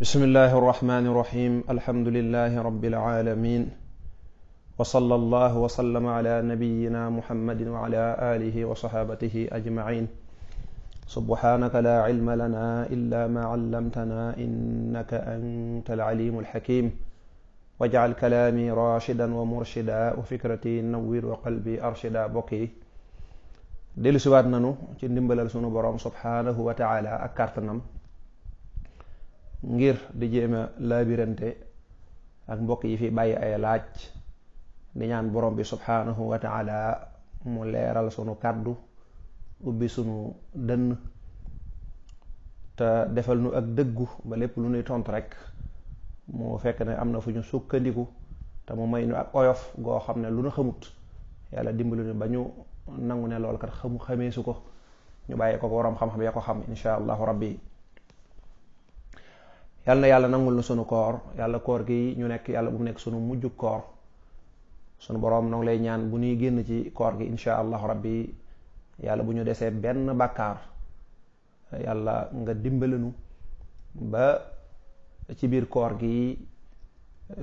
بسم الله الرحمن الرحيم الحمد لله رب العالمين وصلى الله وسلم على نبينا محمد وعلى آله وصحابته أجمعين سبحانك لا علم لنا إلا ما علمتنا إنك أنت العليم الحكيم واجعل كلامي راشدا ومرشدا وفكرتي نوير وقلبي أرشدا بقي ديل سوات نانو ci ndimbalal sunu borom subhanahu wa ta'ala ak kartanam ngir di jéem a laabirante ak mbokk yi fi bàyyi ay laaj di ñaan borom bi subhaanahu wa taala mu leeral sunu kàddu ubbi sunu dënn te defal nu ak dëggu ba lépp lu nuy tontu rek mu fekk ne am na fu ñu sukkandiku te mu may nu ak oyof goo xam ne lu nu xamut yàlla dimbali ne ba ñu nangu ne loolu kat xamu xamee su ko ñu bàyyi ko borom xam-xam ya ko xam insha allahu rabbi yàlla yàlla nangul na sunu koor yàlla koor gi ñu nekk yàlla bu mu nekk sunu mujj koor sunu boroom noo lay ñaan bu ñuy génn ci koor gi insha allahu rabbi yàlla bu ñu desee benn bàkkaar yàlla nga dimbalinu ba ci biir koor gi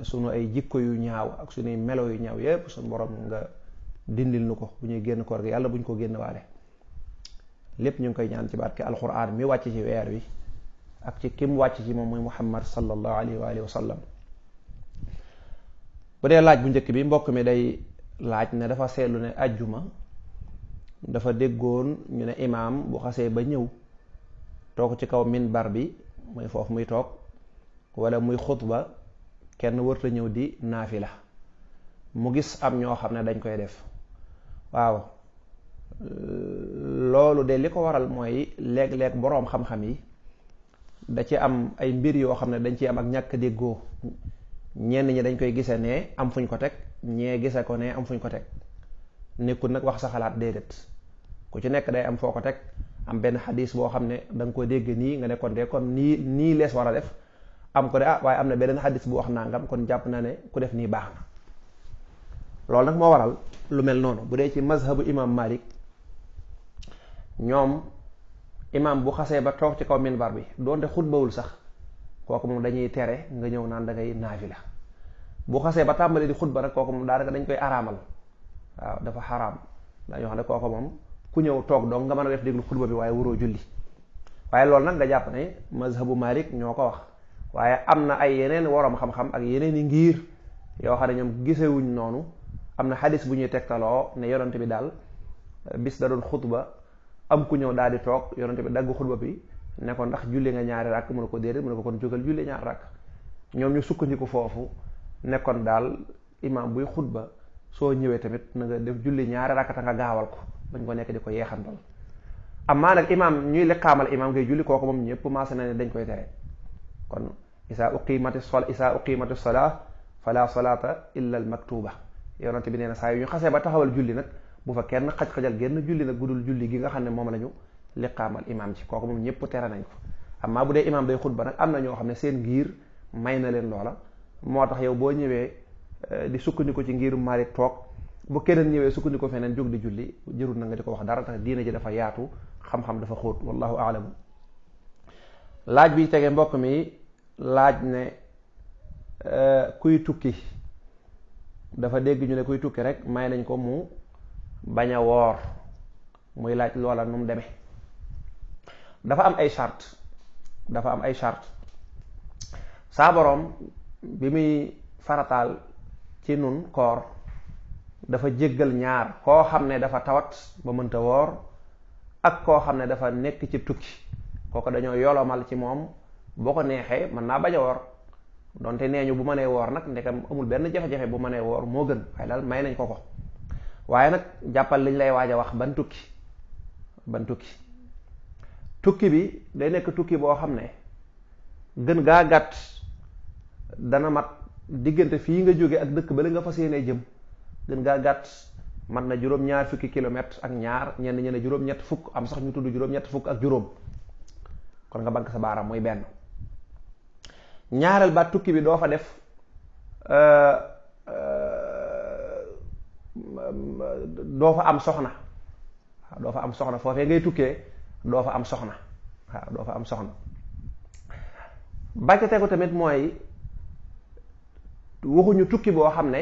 sunu ay jikko yu ñaaw ak sunuy melo yu ñaaw yépp sunu boroom nga dindil nu ko bu ñuy génn koor gi yàlla bu ñu ko génn waale lépp ñu ngi koy ñaan ci barke alquran mi wàcc ci weer wi ak ci kim wàcc ci moom muy muhammad sallallahu alayhi wa alihi wa sallam bu dee laaj bu njëkk bi mbokk mi day laaj ne dafa seetlu ne ajjuma dafa déggoon ñu ne imaam bu xasee ba ñëw toog ci kaw min bar bi muy foofu muy toog wala muy xutba kenn wërta ñëw di naafila mu gis am ñoo xam ne dañ koy def waaw loolu de li ko waral mooy léeg-léeg boroom xam-xam yi da ci am ay mbir yoo xam ne dañ ci am ak ñàkk déggoo ñenn ñi dañ koy gise nee am fuñ ko teg ñee gise ko ne am fuñ ko teg nekkul nag wax sa xalaat déedéet ku ci nekk day am foo ko teg am benn xadis boo xam ne da nga ko dégg nii nga ne kon de kon nii nii lees war a def am ko de ah waaye am na beneen xadis bu wax nangam kon jàpp naa ne ku def nii baax na loolu nag moo waral lu mel noonu bu dee ci mazhabu imam Malik ñoom imaam bu xasee ba toog ci kaw minbar bi doonte xutbawul sax kooku moom dañuy tere nga ñëw naan da ngay la bu xasee ba tàmbalee di xutba rek kooku moom daanaka dañ koy araamal waaw dafa xaraam dañoo xam ne kooku moom ku ñëw toog dong nga mën a def déglu xutba bi waaye waroo julli waaye lool nag nga jàpp ne mazhabu Malik ñoo ko wax waaye am na ay yeneen woroom xam-xam ak yeneen i ngiir yoo xam ne ñoom gisewuñ noonu am na xadis bu ñuy tegtaloo ne yonent bi daal bis da doon am ku ñëw daal di toog yonente bi dagg xutba bi ne ko ndax julli nga ñaari ràkk mu ne ko déedéet mu ne ko kon jógal julli ñaari ràkk ñoom ñu sukkandiku foofu nekkoon daal imaam buy xutba soo ñëwee tamit na nga def julli ñaari ràkk ta nga gaawal ko bañ ko nekk di ko yeexantal amaa nag imaam ñuy liqaamal imaam ngay julli kooku moom ñëpp maase na ne dañ koy tere kon isaa uqimati sol isaa uqimati solaa fala solata illa al maktuba yonente bi nee na saa yu xasee ba taxawal julli nag bu fa kenn xaj-xajal genn julli nag gudul julli gi nga xam ne moom la ñu liqaamal imaam ci kooku moom ñëpp tere nañ ko amaa bu dee imaam day xutba nag am na ñoo xam ne seen ngir may na leen loola moo tax yow boo ñëwee eh, di sukkandiku ci ngiru Malik toog bu keneen ñëwee sukkandiku feneen jóg di julli jërul na nga di ko wax dara tax diina ji dafa yaatu xam-xam dafa xóot wallahu aalamu laaj bi tege mbokk mi laaj ne eh, kuy tukki dafa dégg ñu ne kuy tukki rek may nañ ko mu bañ a woor muy laaj loola nu mu demee dafa am ay charte dafa am ay charte saa boroom bi muy farataal ci nun koor dafa jéggal ñaar koo xam ne dafa tawat ba mënta woor ak koo xam ne dafa nekk ci tukki kooku dañoo yolomal ci moom boo ko neexee mën naa bañ a woor donte nee ñu bu mënee woor nag ndekam amul benn jafe-jafe bu mënee woor moo gën waaye daal may nañ ko ko waaye nag jàppal liñ lay waaj a wax ban tukki ban tukki tukki bi day nekk tukki boo xam ne gën gaa gàtt dana mat diggante fii nga jóge ak dëkk ba la nga fas yéenee jëm gën gaa gàtt man na juróom-ñaar fukki kilomètre ak ñaar ñenn ñene juróom-ñett fukk am sax ñu tudd juróom-ñett fukk ak juróom kon nga bank sa baaraam muy benn ñaareel ba tukki bi doo fa def euh, euh, Euh, doo fa am soxna waaw doo fa am soxna foofee ngay tukkee doo fa am soxna waaw doo fa am soxna ba ca tegu tamit mooy waxuñu tukki boo xam ne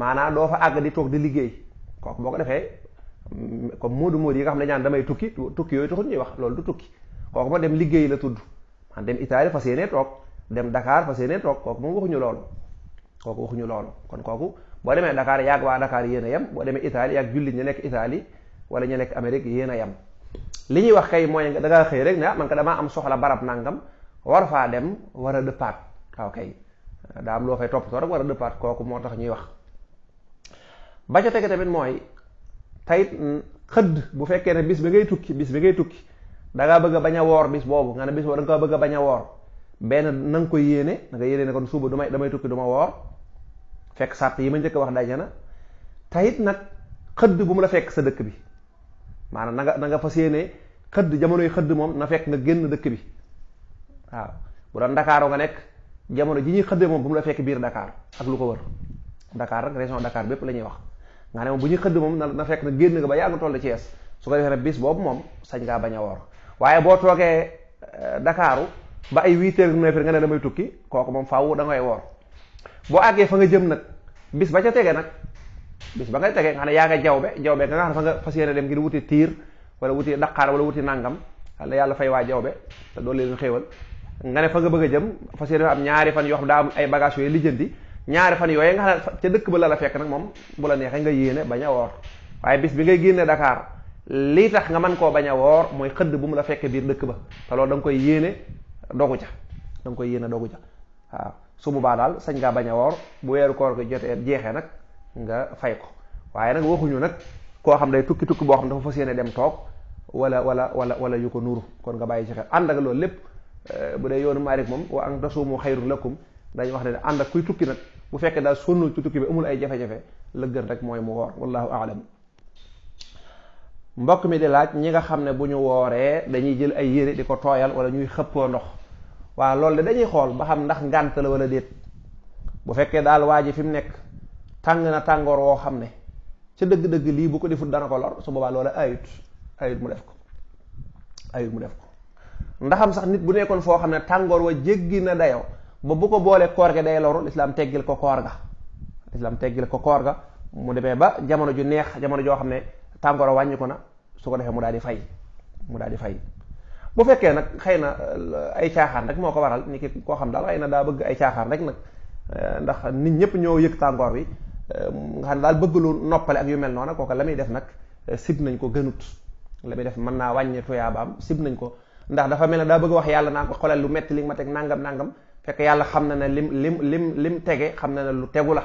maanaam doo fa àgg di toog di liggéey kooku boo ko defee comme moodu moodu yi nga xam ne ñaan damay tukki tukki yooyu taxul ñuy wax loolu du tukki kooku ma dem liggéey la tudd man dem Italie fas yéenee toog dem dakaar fas yéenee toog kooku moom waxuñu loolu kooku waxuñu loolu kon kooku boo demee dakaar yaag waa Dakar yéen a boo demee Italie yaag jullit ñi nekk Italie wala ñu nekk Amérique yéen a yem li ñuy wax kay mooy da ngaa xëy rek ne ah man am soxla barab nangam war faa dem war a dëppaat waaw kay daa loo fay toppatoo rek war a dëppaat kooku moo tax ñuy wax ba ca tege tamit mooy tayit mm, xëdd bu fekkee ne bis bi ngay tukki bis bi ngay tukki da ngaa bëgg a woor bis boobu nga ne bis boobu da nga bëgg a bañ a benn na ko yéene da nga ne kon suba du damay tukki du ma woor fekk sàpp yi ma njëkk wax daje na tayit nag xëdd bu mu la fekk sa dëkk bi maanaam na nga na nga fas yéenee xëdd jamonoy xëdd moom na fekk nga génn dëkk bi waaw bu doon Dakar nekk jamono ji ñuy xëddee moom la fekk biir Dakar ak ko wër Dakar rek région Dakar bépp la ñuy wax nga ne bu ñuy xëdd moom na fekk na génn nga ba yaa nga toll Thiès su ko defee nag bis boobu moom sañ ngaa bañ a woor waaye boo toogee euh, Dakaru ba ay huit heures neuf heures nga ne damay tukki kooku moom faw da ngay woor boo àggee fa nga jëm nag bis ba ca tegee nag bis ba nga tegee nga xam ne yaa nga jawbe jawbe nga xam ne fa nga fas yéene dem ngir wuti tiir wala wuti daqaar wala wuti nàngam wala yàlla fay waa jawbe te doo leen xéewal nga ne fa nga bëgg a jëm fas yéene am ñaari fan yoo xam daa am ay bagage yooyu lijjanti ñaari fan yooyu nga xam ne ca dëkk ba la la fekk nag moom bu la neexee nga yéene bañ a woor waaye bis bi ngay génne Dakar lii tax nga man koo bañ a woor mooy xëdd bu mu la fekkee biir dëkk ba te loolu da nga koy yéene dogu ca da koy yéene dogu ca waaw su baa daal sañ ngaa bañ a woor bu weeru koor gi jotee jeexee nag nga fay ko waaye nag waxuñu nag koo xam day tukki tukki boo xam dafa fas yéene dem toog wala wala wala wala yu ko nuru kon nga bàyyi ci xel ànd ak loolu lépp euh, bu dee yoonu Maalik moom wa an tasuumu xayrun lakum dañu wax ne ànd ak kuy tukki nag bu fekkee daal sonnul ci tukki bi amul ay jafe-jafe la gën rek mooy mu woor wallahu aalam mbokk mi di laaj ñi nga xam ne bu ñu wooree dañuy jël ay yére di ko tooyal wala ñuy xëppoo ndox waaw loolu de dañuy xool ba xam ndax ngànt la wala déet bu fekkee daal waa ji fi mu nekk tàng na tàngoor woo xam ne ca dëgg-dëgg lii bu ko defut dana ko lor su boobaa loola ayut ayut mu def ko ayut mu def ko ndaxam sax nit bu nekkoon foo xam ne tàngoor wa jéggi na dayoo ba bu ko boolee koor gi day loru lislaam teggil ko koor ga lislaam teggil ko koor ga mu demee ba jamono ju neex jamono joo xam ne tàngoor wàññi ko na su ko defee mu daal di fay mu daal di fay bu fekkee nag xëy na euh, ay caaxaan rek moo ko waral ni koo xam daal xëy na daa bëgg ay caaxaan rek nag euh, ndax nit ñëpp ñoo yëg tàngoor wi euh, daal bëgg lu noppale ak yu mel noonu kooka la muy def nag sib nañ ko gënut la muy def mën naa wàññi tuyaabaam sib nañ ko ndax dafa mel ne daa bëgg wax yàlla naan ko lu metti li ma teg nangam nangam fekk yàlla xam na ne lim lim lim lim tege xam na ne lu tegu la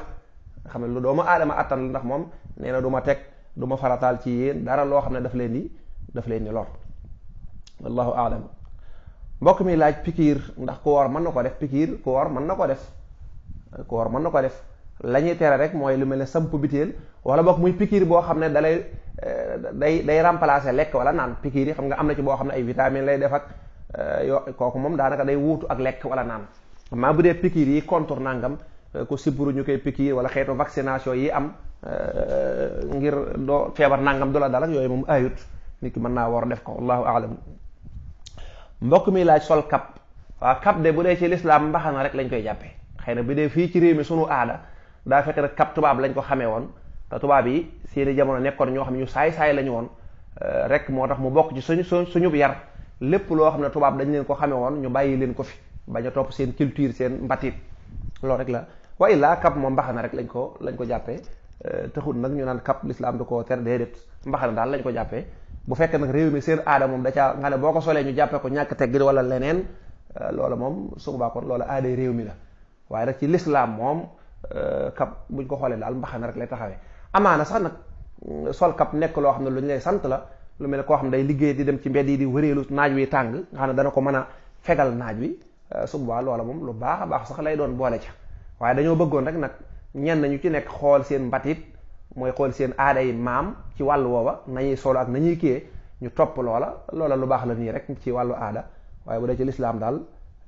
xam ne lu doomu aadama attan ndax moom nee na du ma teg du ma farataal ci yéen dara loo xam ne daf leen di daf leen di lor wallahu aalam mbokk mi laaj pikiir ndax ku woor mën na ko def pikiir ku woor mën na ko def ku woor mën na ko def la ñuy tere rek mooy lu mel ne samp biteel wala boog muy pikiir boo xam ne dalay eh, day day remplacer lekk wala naan pikiir yi xam nga am na ci boo xam ne ay vitamine lay def ak eh, yo kooku moom daanaka day wuutu ak lekk wala naan maa bu dee pikiir yi contour nangam eh, ku siburu ñu koy pikiir wala xeetu vaccination yi am ngir doo feebar nangam du la dal yooyu moom ayut nit mën naa war def ko wallahu mbokk mi laaj sol kap waaw kap de bu dee ci lislaam mbaxana rek lañ koy jàppee xëy na bu dee fii ci réew mi sunu aada daa fekk nag cap tubaab lañ ko xamee woon tubaab yi seeni jamono nekkoon ñoo xam ne ñu saay-saay lañu woon euh, rek moo tax mu bokk ci suñu suñu yar lépp loo xam ne tubaab dañ leen ko xamee woon ñu bàyyi leen ko fi bañ a topp seen culture seen loolu rek la waaye laa cap moom mbaxana rek lañ ko lañ ko jàppee euh, taxul nag ñu naan cap lislaam da ko ter déedéet mbaxana daal lañ ko jàppee bu fekkee nag réew mi seen aada moom da ca nga ne boo ko solee ñu jàppe ko ñàkk teggin wala leneen euh, loola moom su boobaa kon loola aaday réew mi la waaye nag ci lislaam moom euh, kap buñ ko xoolee daal mbaxana rek lay taxawee amaana sax nag mm, sol kap nekk loo xam ne lu lay sant la lu mel ne koo xam ne day liggéey di dem ci mbedd yi di wëreelu naaj wi tàng nga xam dana ko mën a fegal naaj wi euh, su boobaa loola moom lu baax a baax sax lay doon boole ca waaye dañoo bëggoon rek nag ñenn ñu ci nekk xool seen mbatit mooy xool seen aada yi maam ci wàllu woowa nañuy solo ak nañuy kiyee ñu topp loola loola lu baax la nii rek ci wàllu aada waaye bu dee ci lislaam daal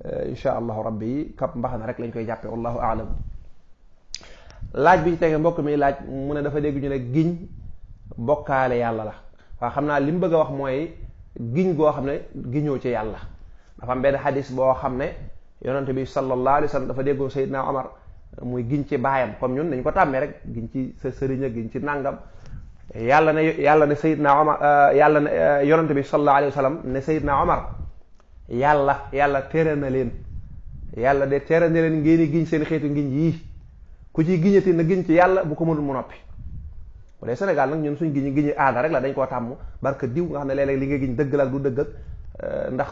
eh, insha allahu rab kap mbax mbaxana rek lañ koy jàppee wallahu aalam laaj bi ci tege mbokk mi laaj mu ne dafa dégg ñu ne giñ bokkaale yàlla la waaw xam naa li bëgg a wax mooy giñ goo xam ne giñoo ci yàlla dafa am benn xadis boo xam ne yonante bi sallallahu alayhi wa sallam dafa déggoo Seydina Omar muy giñ ci baayam comme ñun nañ ko tàmmee rek giñ ci sa sëriñ a giñ ci nàngam yàlla na yàlla ne Seydina Omar euh, yàlla ne euh, yonante bi sallallahu alayhi wa sallam ne Seydina yàlla yàlla tere na leen yàlla de tere na leen ngeen giñ seen xeetu ngiñ yii ku ci giñati na giñ ci yàlla bu ko mënul mu noppi bu dee Sénégal nag ñun suñ giñi giñi aada rek la dañ koo tàmm barka diw nga xam ne léeg li nga giñ dëgg la du dëgg euh, ndax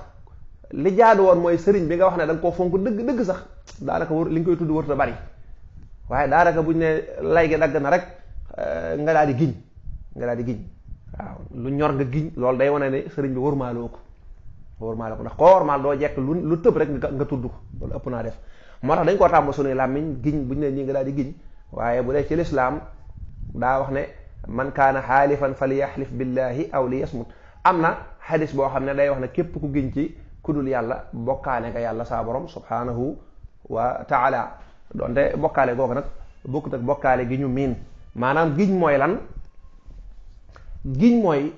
li jaadu woon mooy sëriñ bi nga wax ne da nga koo fonk dëgg dëgg sax daanaka wër li nga koy tudd wër ta bari waaye daanaka buñ ne lay gi dagg na rek euh, nga daal di giñ nga di giñ waaw lu ñor nga giñ loolu day wane ne sëriñ bi warmaaloo ko warmaaloo ko ndax ko warmaal doo jekk lu lu tëb rek nga tudd ko loolu ëpp naa def moo tax dañ koo tàmm sunuy làmmiñ giñ buñ ne ñi nga daal di giñ waaye bu dee ci lislaam daa wax ne man kaana xaalifan falyaxlif billahi aw li yasmut am na xadis boo xam ne day wax ne képp ku giñ ci ku dul yàlla bokkaane nga yàlla saa borom subhanahu donte bokkaale googu nag bokkut ak bokkaale gi ñu miin maanaam giñ mooy lan giñ mooy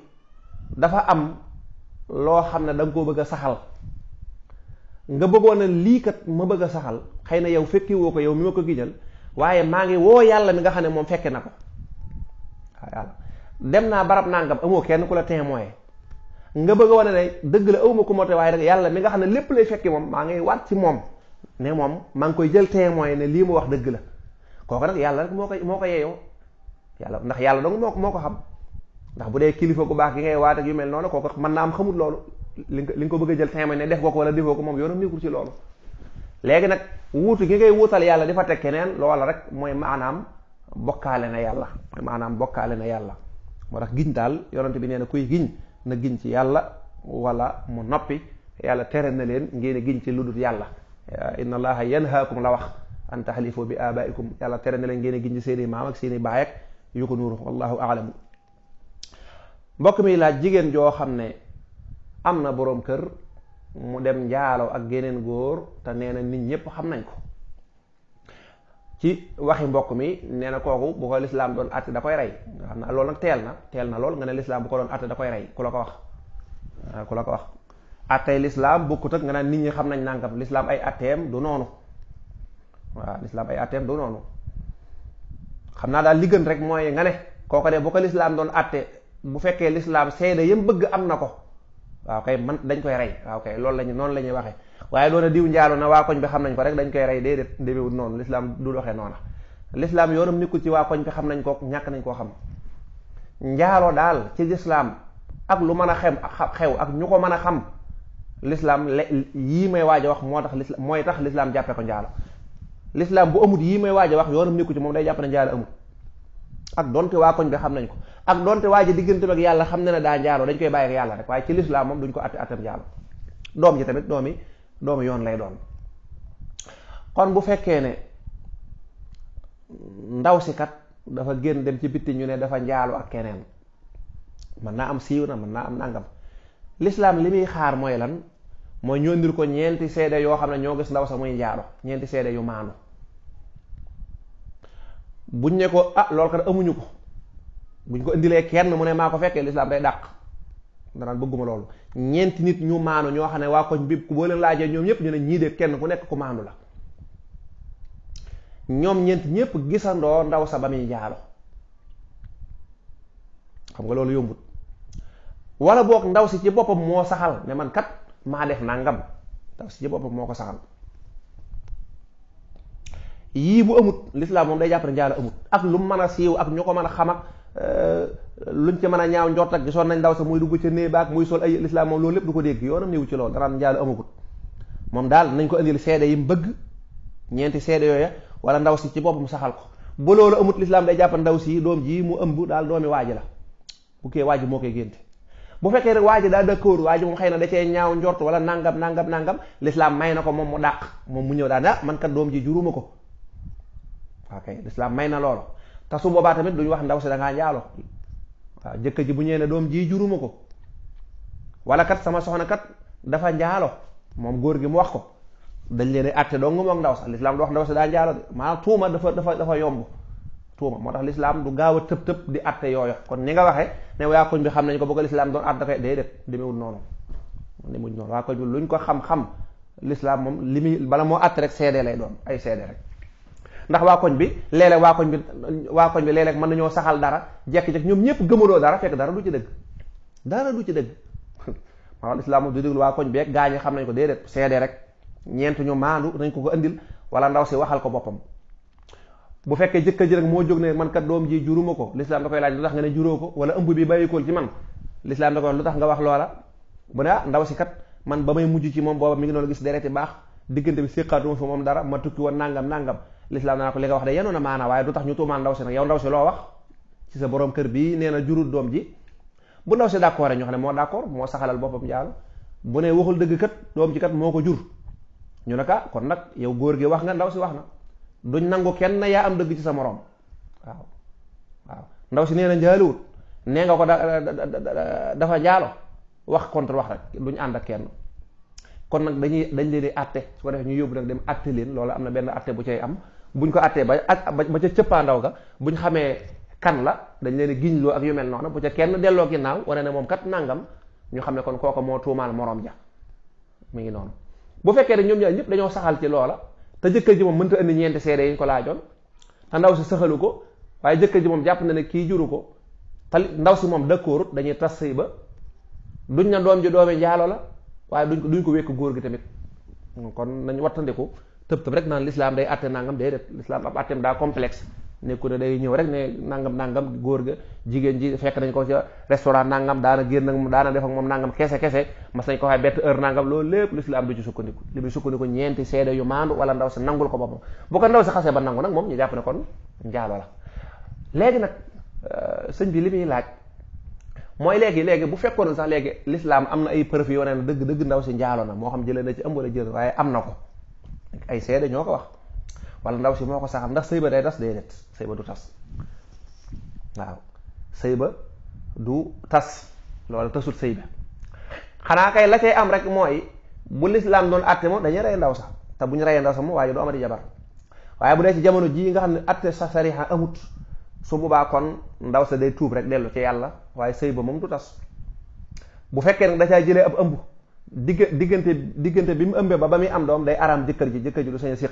dafa am loo xam ne da koo bëgg saxal nga bëggoon a lii kat ma bëgg saxal xëy na yow fekkee woo ko yow mi ma ko giñal waaye maa ngi woo yàlla mi nga xam ne moom fekke na ko waaw naa dem naa barab nangam amoo kenn ku la témoin nga bëgg a wane ne dëgg la awma ko moté waaye rek yàlla mi nga xam ne lépp lay fekke moom maa ngi waat ci moom ne moom maa ngi koy jël témoin ne lii mu wax dëgg la kooku nag yàlla rek moo ko moo ko yeeyoo yàlla ndax yàlla dong moo moo ko xam ndax bu dee kilifa gu baax gi ngay waat yu mel noonu kooku mën naa am xamul loolu li nga li nga a jël témoin ne def wala defoo ko moom yoonam nekkul ci loolu léegi nag wuutu gi ngay wuutal yàlla di fa teg keneen loola rek mooy maanaam bokkaale na yàlla mooy maanaam bokkaale na yàlla moo tax giñ daal yonante bi nee na kuy giñ na giñ ci yàlla wala mu noppi yàlla tere na leen ngeen giñ ci lu dul yàlla Eh, inna allaha yanhaakum la wax an taxalifu bi abaikum yàlla tere na leen ngeen a giñ seen i maam ak seen baay ak yu ko nuuru wallahu aalamu mbokk mi laaj jigéen joo xam ne am na boroom kër mu dem njaaloo ak geneen góor te nee na nit ñépp xam nañ ko ci waxi mbokk mi nee na kooku bu ko lislaam doon àtte da koy rey nga xam ne loolu nag teel na teel na lool nga ne lislaam bu ko doon àtte da koy rey ku la ko wax ku la ko wax attey l'islam bokkut ak nga naan nit ñi xam nañ nangam lislaam ay atteem du noonu waaw l'islam ay atteem du noonu xam naa daal li gën rek mooy nga ne kooka de bu ko l'islam doon atte bu fekkee l'islam seede yam bëgg am na ko waaw kay man dañ koy rey waaw kay loolu lañu noonu la ñuy waxee waaye doona diw njaalo na waa koñ bi xam nañ ko rek dañ koy rey déedéet demewul noonu l'islam du doxee noona lislaam yoonam nekkul ci waa koñ bi xam nañ ko ñàkk nañ koo xam daal ci ak lu mën a xem xew ak ñu ko mën a xam lislaam l'islam yii may waaj a wax moo tax l'islam mooy tax l'islam jàppee ko njaalo lislaam bu amut yii may waaj a wax yoonam nekku ci moom day jàpp ne njaalo ak donte waa koñ bi xam nañ ko ak donte waaj ji digganteem ak yàlla xam na ne daa njaalo dañ koy bàyyi yàlla rek waaye ci l'islam moom duñ ko atte attam njaalo doom ji tamit doomi doomi yoon lay doon kon bu fekkee ne ndaw si kat dafa génn dem ci bitti ñu ne dafa njaalo ak keneen mën naa am siiw na mën naa am nangam lislaam li muy xaar mooy lan mooy ñoo ndir ko ñeenti seede yoo xam ne ñoo gis ndaw sa muy njaalo ñeenti seede yu maandu buñ ne ko ah loolu kat amuñu ko buñ ko indilee kenn mu ne maa ko fekkee lislaam day dàq danaan bëgguma ñeenti nit ñu maanu ñoo xam ne waa koñ bi boo leen laajee ñoom ñëpp ñu ne ñii de kenn ku nekk ku maandu la ñoom ñeent ñëpp gisandoo ndaw sa ba muy jaalo xam nga loolu yombut wala boog ndaw si ci boppam moo saxal ne man kat maa def nangam ndaw si ci boppam moo ko saxal yii bu amut lislaam moom day jàpp ne njaalo amut ak lu mën a siiw ak ñu ko mën a xam ak euh, luñ ci mën a ñaaw njort ak gisoon nañ ndaw sa muy dugg ca néeg ak muy sol ay lislaam moom loolu lépp du ko dégg yoonam néew ci loolu dara njaalo moom daal nañ ko indil seede yi mu bëgg ñeenti seede yooya wala ndaw si ci boppam saxal ko bu loolu amut day jàpp ndaw si doom ji mu ëmb daal doomi waaji la bu kee moo koy gént bu fekkee rek waa ji daa d'accord waa ji moom xëy na da cee ñaaw njort wala nangam nangam nangam l'islam may na ko moom mu dàq moom mu ñëw daal ah man kat doom ji juruma ko ok may na loolu te su boobaa tamit duñu wax ndaw si da ngaa njaalo waaw bu ñëwee ne doom ji juruma ko wala kat sama soxna kat dafa njaalo moom góor gi mu wax ko dañ leen di àtte dong moom ndaw sax l'islam du wax ndaw si daa njaalo de maanaam tuuma dafa dafa dafa yomb tuuma moo tax lislaam du gaaw a tëb tëb di atte yooyo kon ni nga waxee ne waa koñ bi xam nañ ko bëgg lislaam doon atte dafay déedéet demewul noonu demewul noonu waa koñ bi luñ ko xam-xam lislaam moom li muy bala moo atte seede lay doon ay seede rek ndax waa koñ bi léeg-léeg waa bi waa bi léeg mën nañoo saxal dara jekki-jekki ñëpp gëmadoo dara fekk dara du ci dëgg dara du ci dëgg waaw lislaam moom du déglu waa koñ bi rek gaañi xam nañ ko déedéet seede rek ñeent ñu maandu nañ ko ko indil wala ndaw si waxal ko boppam bu fekkee jëkkër ji nag moo jóg ne man kat doom ji juruma ko lislaam da koy laaj lu tax nga ne juróo ko wala ëmb bi bàyyikool ci man lislaam da lu tax nga wax loola bu ne ah ndaw si kat man ba may mujj ci moom booba mi ngi doon gis dereti baax diggante bi séqaatuma fi moom dara ma tukki woon nangam nangam lislaam danaa ko li nga wax de yenoon a maana waaye du tax ñu tuumaan ndaw si nag yow ndaw si loo wax ci sa borom kër bii nee na jurul doom ji bu ndaw si d'accord ñu xam ne moo d'accord moo saxalal boppam yàlla bu ne waxul dëgg kat doom ji kat moo ko jur ñu ne ka ah, kon nag yow góor gi wax nga ndaw si wax na duñ nangu kenn na yaa am dëgg ci sa moroom waaw waaw ndaw si nee na njaaliwut nee nga ko da dafa jaalo wax contre wax rek duñ ànd ak kenn kon nag dañuy dañ leen di àtte su ko defee ñu yóbbu nag dem àtte leen loolu am na benn àtte bu cay am buñ ko àttee ba ba ca cëppaandaw ga buñ xamee kan la dañ leen di giñloo ak yu mel noonu bu ca kenn delloo ginnaaw wane na moom kat nàngam ñu xam ne kon kooko moo tuumaal moroom ja mu ngi noonu bu fekkee ne ñoom ñaar dañoo saxal ci loola te jëkkër ji moom mënta indi ñeenti seede yi ñu ko laajoon te ndaw si sëxalu ko waaye jëkkër ji moom jàpp na ne kii juru ko te ndaw si moom d'accord dañuy tas sëy ba duñ na doom ji doomi njaalo la waaye duñ ko duñ ko wekk góor gi tamit kon nañ wattandiku tëb tëb rek naan l'islam day àtte nangam day def l'islam ab àtteem daa complexe nekku na day ñëw rek ne nangam nangam góor ga jigéen ji fekk nañ ko ca restaurant nangam daana génn ak moom daana def moom nangam kese kese mas nañ ko fay bett heure nangam loolu lépp lislaam du ci sukkandiku li muy sukkandiku ñeenti seede yu maandu wala ndaw si nangul ko boppam bu ko ndaw si xasee ba nangu nag moom ñu jàpp la léegi nag euh, sëñ bi li muy laaj mooy léegi léegi bu fekkoon sax léegi lislaam am na ay preuve yoo ne dëgg ndaw si njaalo moo xam jëlee na ci ëmb wala jël am na ko ay seede ñoo ko wax wala ndaw si moo ko saxal ndax sëy ba day tas day det sëy ba du tas waaw sëy du tas loolu tasut sëy xanaa kay la cay am rek mooy bu lislaam doon àtte moom dañuy rey ndaw sax te bu ñu reyee ndaw sax moom waaye du amati jabar waaye bu dee ci jamono jii nga xam ne àtte sa sariha amut su boobaa kon ndaw sa day tuub rek dellu ci yàlla waaye sëy moom du tas bu fekkee nag da caa jëlee ab ëmb digg diggante diggante bi mu ëmbee ba ba muy am doom day araam jëkkër ji jëkkër ji du sañ a séq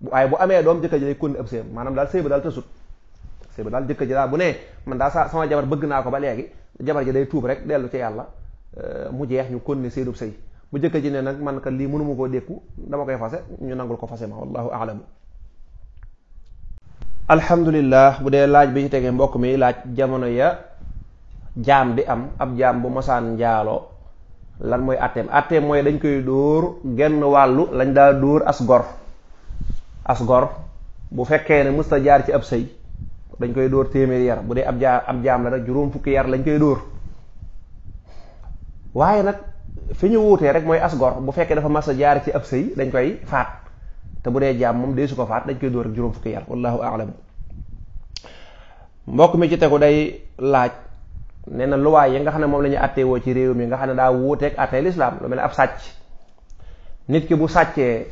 bu waaye bu amee doom jëkkër ji day kon ab sëy maanaam daal sëy ba daal tësut sëy ba daal jëkkër ji daal bu nee man daa sa sama jabar bëgg naa ko ba léegi jabar ji day tuub rek dellu ci yàlla euh, mu jeex ñu kon ne seenub sëy bu jëkkër ji ne nag man kat lii mënuma koo dékku dama koy fase ñu nangul ko fase ma wallahu alamu alhamdulillah bu dee laaj bi ci tegee mbokk mi laaj jamono ya jaam bi am ab jaam bu mosaan njaaloo lan mooy atteem atteem mooy dañ koy dóor genn wàllu lañ daa dóor as gor as gor bu fekkee ne mës jaar ci ab sëy dañ koy dóor téeméeri yar bu dee ab jaam ab jaam la nag juróom fukki yar lañ koy dóor waaye nag fi ñu wuutee rek mooy as gor bu fekkee dafa massa jaar ci ab sëy dañ koy faat te bu dee jaam moom dee ko faat dañ koy dóor ak juróom fukki yar wallahu a'lam mbokk mi ci tegu day laaj nee na luwaay yi nga xam ne moom la ñu àtteewoo ci réew mi nga xam ne daa wuuteeg àtteey lislaam lu mel ne ab sàcc nit ki bu sàccee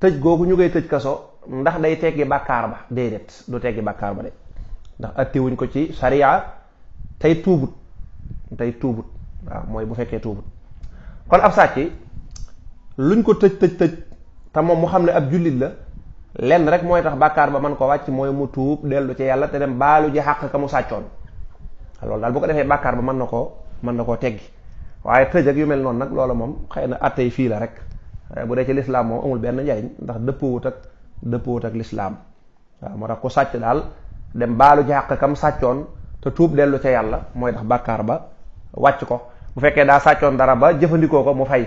tëj googu ñu koy tëj kaso ndax day teggi bàkkaar ba déedéet du teggi bàkkaar ba de ndax attewuñ ko ci sariya tey tuubut tey tuubut waaw mooy bu fekkee tuubut kon ab sàcc luñ ko tëj tëj tëj te moom mu xam ne ab jullit la lenn rek mooy tax bàkkaar ba man ko wàcc mooy mu tuub dellu ci yàlla te dem baalu ji xàq ka mu sàccoon loolu daal bu ko defee bàkkaar ba mën na koo mën na koo teggi waaye tëj ak yu mel noonu nag loola moom xëy na attey fii la rek Eh, bu dee ci lislaam moom amul benn njariñ ndax dëppoowut ak dëppoowut ak lislaam waaw moo tax ku sàcc daal dem baalu ci xàq kam sàccoon te tuub dellu ca yàlla mooy tax bàkkaar ba wàcc ko bu fekkee daa sàccoon dara ba jëfandikoo ko mu fay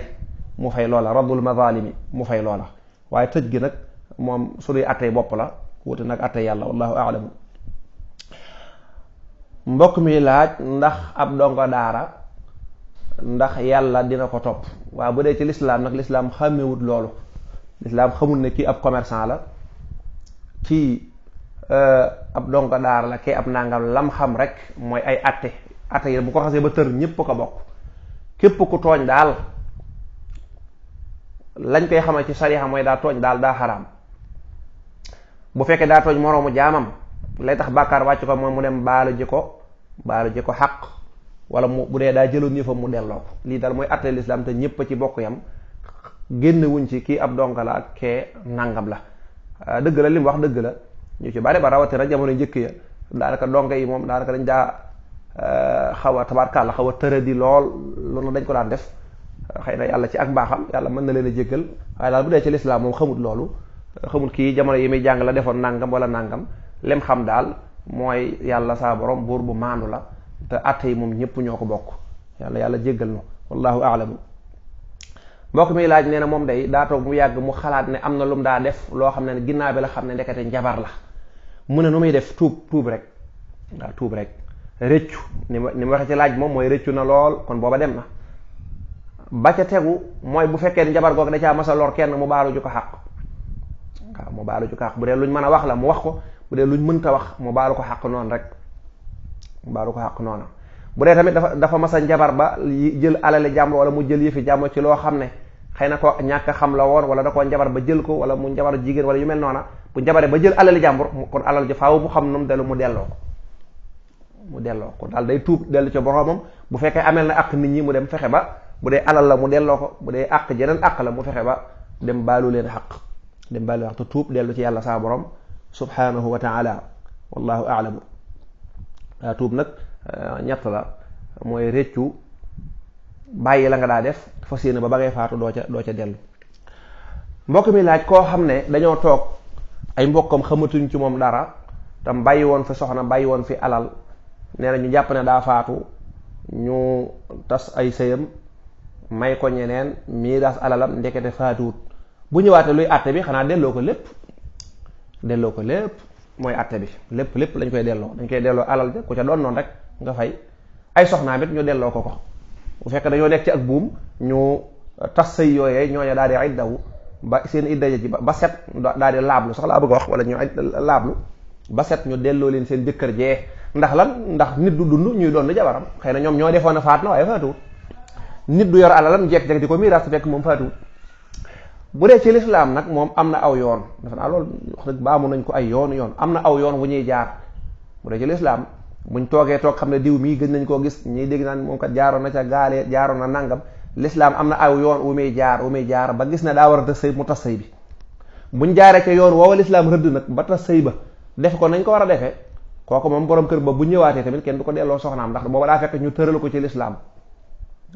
mu fay loola raddul mazalimi mu fay loola waaye tëj gi nag moom suñuy attey bopp la wuti nag attey yàlla wallahu aalamu mbokk mi laaj ndax ab dongo daara ndax yàlla dina ko topp waaw bu dee ci lislaam nag lislaam xàmmewut loolu lislaam xamul na kii ab commercant la kii euh, ab donga daara la kii ab nangam lam xam rek mooy ay atte atte yi bu ko xasee ba tër ñépp ko bokk képp ku tooñ daal lañ koy xamal ci sariya mooy daa tooñ daal daa xaraam bu fekkee daa tooñ moroomu jaamam lay tax bàkkaar wàcc ko mooy mu dem baalu ji ko baalu ji ko xaq wala mu bu dee daa jëloon yëfam mu delloo ko lii daal mooy atte lislaam te ñépp a ci bokk yam génn ci kii ab donka la ak kee nangam la ah, dëgg la li mu wax dëgg la ñu ci bari ba rawatina jamono njëkk ya daanaka donka yi moom daanaka dañ daa ah, xaw a xaw a tëradi lool loolu dañ ko daan def xëy na yàlla ci ak mbaaxam yàlla mën na leen a jéggal waaye daal bu dee ci lislaam moom xamut loolu xamut kii jamono yi muy jàng la defoon nàngam wala nangam lem xam daal mooy yàlla saa borom buur bu maanu la te atte yi moom ñëpp ñoo ko bokk yàlla yàlla jéggal na wallahu aalamu mbokk mi laaj nee na moom day daa toog mu yàgg mu xalaat ne am na lu mu daa def loo xam ne ne ginnaaw bi la xam ne ndekete njabar la mu ne nu muy def tuub tuub rek daa tuub rek rëccu ni ma ni ma wax ci laaj moom mooy rëccu na lool kon booba dem na ba ca tegu mooy bu fekkee njabar googu da caa masa lor kenn mu baalu ju ko xaq mu baalu ju ko xaq bu dee luñ mën a wax la mu wax ko bu dee luñ mënta wax mu baalu ko xaq noonu rek baalu ko xaq noona bu dee tamit dafa dafa mas a njabar ba jël alale jàmbur wala mu jël yëfi jàmbur ci loo xam ne xëy na ko ñàkk xam la woon wala da koo njabar ba jël ko wala mu njabar jigéen wala yu mel noona bu njabaree ba jël alali jàmbur kon alal ji faaw mu xam nu mu dellu mu delloo mu delloo ko daal day tuub dellu ci boromam bu fekkee amel na àq nit ñi mu dem fexe ba bu dee alal la mu delloo ko bu dee àq jeneen àq la mu fexe ba dem baalu leen xaq dem baalu xaq te tuub dellu ci yàlla saa borom subhanahu wa taala wallahu aalamu Euh, tuub nag euh, ñett la mooy réccu bàyyi la nga daa def fas yéene ba ba ngay faatu doo ca doo ca dellu mbokk mi laaj koo xam ne dañoo toog ay mbokkam xamatuñ ci moom dara tam bàyyi woon fi soxna bàyyi woon fi alal nee na ñu jàpp ne daa faatu ñu tas ay sëyam may ko ñeneen mii das alalam ndekete faatuwut bu ñëwaatee luy àtte bi xanaa delloo ko lépp delloo ko lépp mooy atte bi lépp lépp lañ koy delloo dañ koy delloo alal ja ku ca doon noonu rek nga fay ay soxnaam it ñu delloo ko ko bu fekkee dañoo nekk ci ak buum ñu tas sëy yooyee ñoo daal di iddawu ba seen idda ji ba set daal di laablu sax laa bëgg a wax wala ñu laablu ba set ñu delloo leen seen jëkkër jee ndax lan ndax nit du dund ñuy doon jabaram xëy na ñoom ñoo defoon a faat na waaye faatuwut nit du yor alalam jekk-jekk di ko miiraas fekk moom faatuwut bu dee ci lislaam nag moom am na aw yoon dafa naa loolu wax dëgg baamu nañ ko ay yoonu yoon am na aw yoon wu ñuy jaar bu dee ci lislaam buñ toogee toog xam ne diw mii gën nañ koo gis ñuy dégg naan moom kat jaaroon na ca gaale jaaroon na nangam lislaam am na aw yoon wu muy jaar wu muy jaar ba gis na daa war a tas mu tas sëy bi buñ jaaree ca yoon woowa lislaam rëdd nag ba tas sëy ba def ko nañ ko war a defee kooku moom borom kër ba bu ñëwaatee tamit kenn du ko delloo soxnaam ndax booba daa fekk ñu tëral ko ci lislaam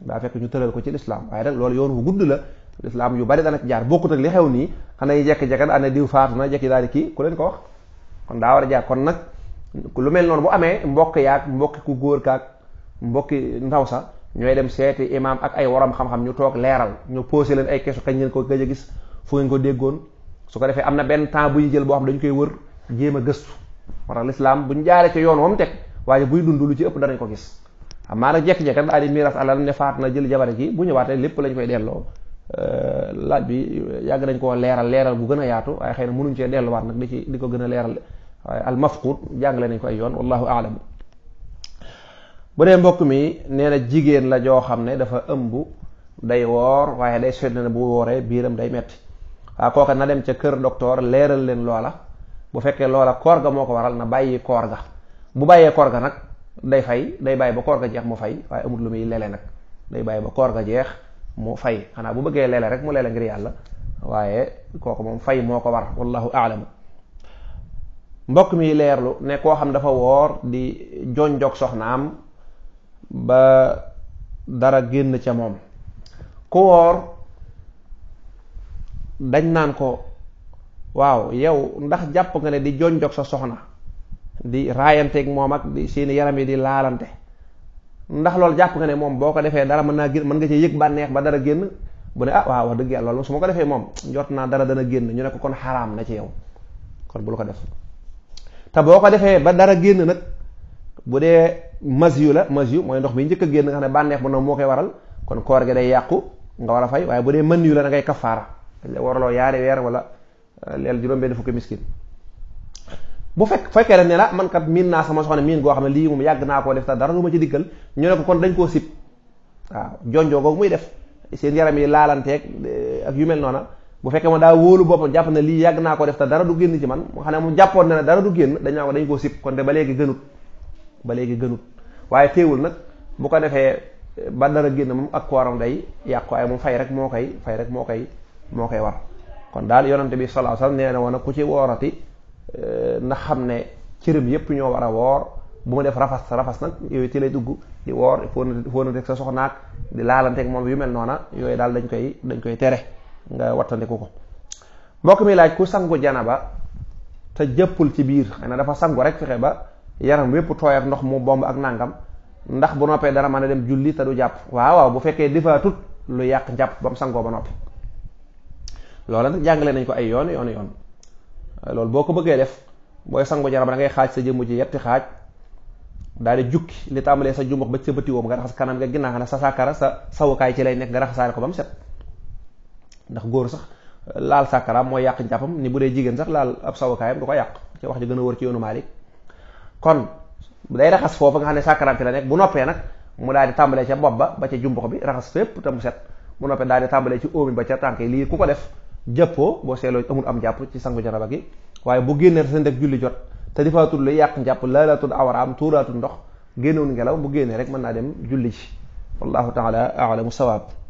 daa fekk ñu tëral ko ci lislaam waaye nag loolu yoon wu gudd la lislaam yu bari dana ci jaar bokkut ak li xew nii xanaa yi jekki-jekki ana ah, diw faatu na jekki daal di ku leen ko wax kon daa a jaar kon nag lu mel noonu bu amee mbokk yaag mbokki ku góor kaag mbokki ndaw sa ñooy dem seeti imaam ak ay waram xam-xam ñu toog leeral ñu posé leen ay question kañ ngeen ko a gis fu ngeen ko déggoon su ko defee am na benn temps bu ñu jël boo xam dañu koy wër jéem a gëstu moo tax bu ñu jaaree ci yoon wam teg waaye buy dund lu ci ëpp danañ ko gis xam maa jekki-jekki daal di miiras alal ne faat na jël jabare ji bu ñëwaatee lépp lañ koy delloo Euh, laaj bi yàgg nañ koo leeral leeral bu gën a yaatu waaye xëy na mënuñ cee delluwaat nag di ci di ko gën a leeral waaye al mafqud jàngale nañ ko ay yoon wallahu aalam bu dee mbokk mi nee jigéen la joo xam ne dafa ëmb day woor waaye day sedd na bu wooree biiram day metti waaw kooka na dem ca kër docteur leeral leen loola bu fekkee loola koor ga moo ko waral na bàyyi koor ga bu bàyyee koor ga nag day fay day bàyyi ba koor ga jeex mu fay waaye amul lu muy lele nag day bàyyi ba koor ga jeex mu fay xanaa bu bëggee leele rek mu leele ngir yàlla waaye kooku moom fay moo ko war wallahu aalamu mbokk mi leerlu ne koo xam dafa woor di jonjog soxnaam ba dara génn ca moom ku woor dañ naan ko waaw yow ndax jàpp nga ne di jonjog sa soxna di raayanteeg moom ak di seeni yaram yi di laalante ndax loolu jàpp nga ne moom boo ko defee dara mën naa génn mën nga cee yëg bànneex ba dara génn bu ne ah waaw wax dëgg yàlla su ma ko defee moom jot naa dara dana génn ñu ne ko kon xaraam na ci yaw kon bu bul ko def te boo ko defee ba dara génn nag bu dee masiyu la masiyu mooy ndox mi njëkk a génn nga xam ne bànneex bu na moo koy waral kon koor gi day yàqu nga war a fay waaye bu dee mën yu la da ngay kafaara waraloo yaari weer wala eh, leel juróom benn fukki miskin bu fekk fekkee def ne na man kat miin naa sama soxna miin goo xam ne lii moom yàgg naa koo def ta dara lu ma ci diggal ñu ne ko kon dañ koo sib waaw muy def seen yaram yi laalanteeg eh, ak yu mel noona bu fekkee ma daa wóolu boppam jàpp na lii yàgg naa def te dara du génn ci man mu xam ne mu jàppoon ne dara du génn dañ ko dañ koo sib kon de ba léegi gënut ba léegi gënut waaye teewul nag bu ko defee ba dara génn moom ak kooram day yàqu waaye moom fay rek moo koy fay rek moo koy moo koy war daal yonante bi sallallahu alayhi wasallam nee na woon ku ci woorati Euh, na xam ne cërëm yépp ñoo war a woor bu mu def rafas rafas nag yooyu ci lay dugg di woor fóonante ak sa soxnaak di laalanteeg moom yu mel noona yooyu daal dañ koy dañ koy tere nga wattandiku ko mbokk mi laaj ku sangu ba te jëppul ci biir xëy na dafa sangu rekk fexe ba yaram wépp tooy ndox mu bomb ak nàngam ndax bu noppee dana mën a dem julli te du jàpp waaw waaw bu fekkee difaatut lu yàq njàpp ba sangoo ba noppi loolu nag jàngale nañ ko ay yoon yoon yoon loolu boo ko bëggee def booy sangu jarab ngay xaaj sa jëmm ji yetti xaaj daal di jukki li tàmbalee sa jumbox ba sa bëti woom nga raxas kanam nga ginnaaw xanaa sa sàkkara sa sawukaay ci lay nekk nga raxasaale ko ba mu set ndax góor sax laal sàkkaraam mooy yàq njàppam ni bu dee jigéen sax laal ab sawukaayam du ko yàq ci wax ji gën a wër ci yoonu Maalik kon day raxas foofu nga xam ne sàkkaraam ci la nekk bu noppee nag mu daal di tàmbalee ca bopp ba ba ca jumbox bi raxas fépp te mu set mu noppee daal di tàmbalee ci óomi ba ca tànk yi lii ku ko def jàppoo boo seetloo amul am jàpp ci sangu janaba gi waaye bu génnee te sa ndek julli jot te difaatul la yàq njàpp laalaatul awraam tuuraatul ndox génnewul ngelaw bu génnee rek mën naa dem julli ci wallahu taala alamu sawaab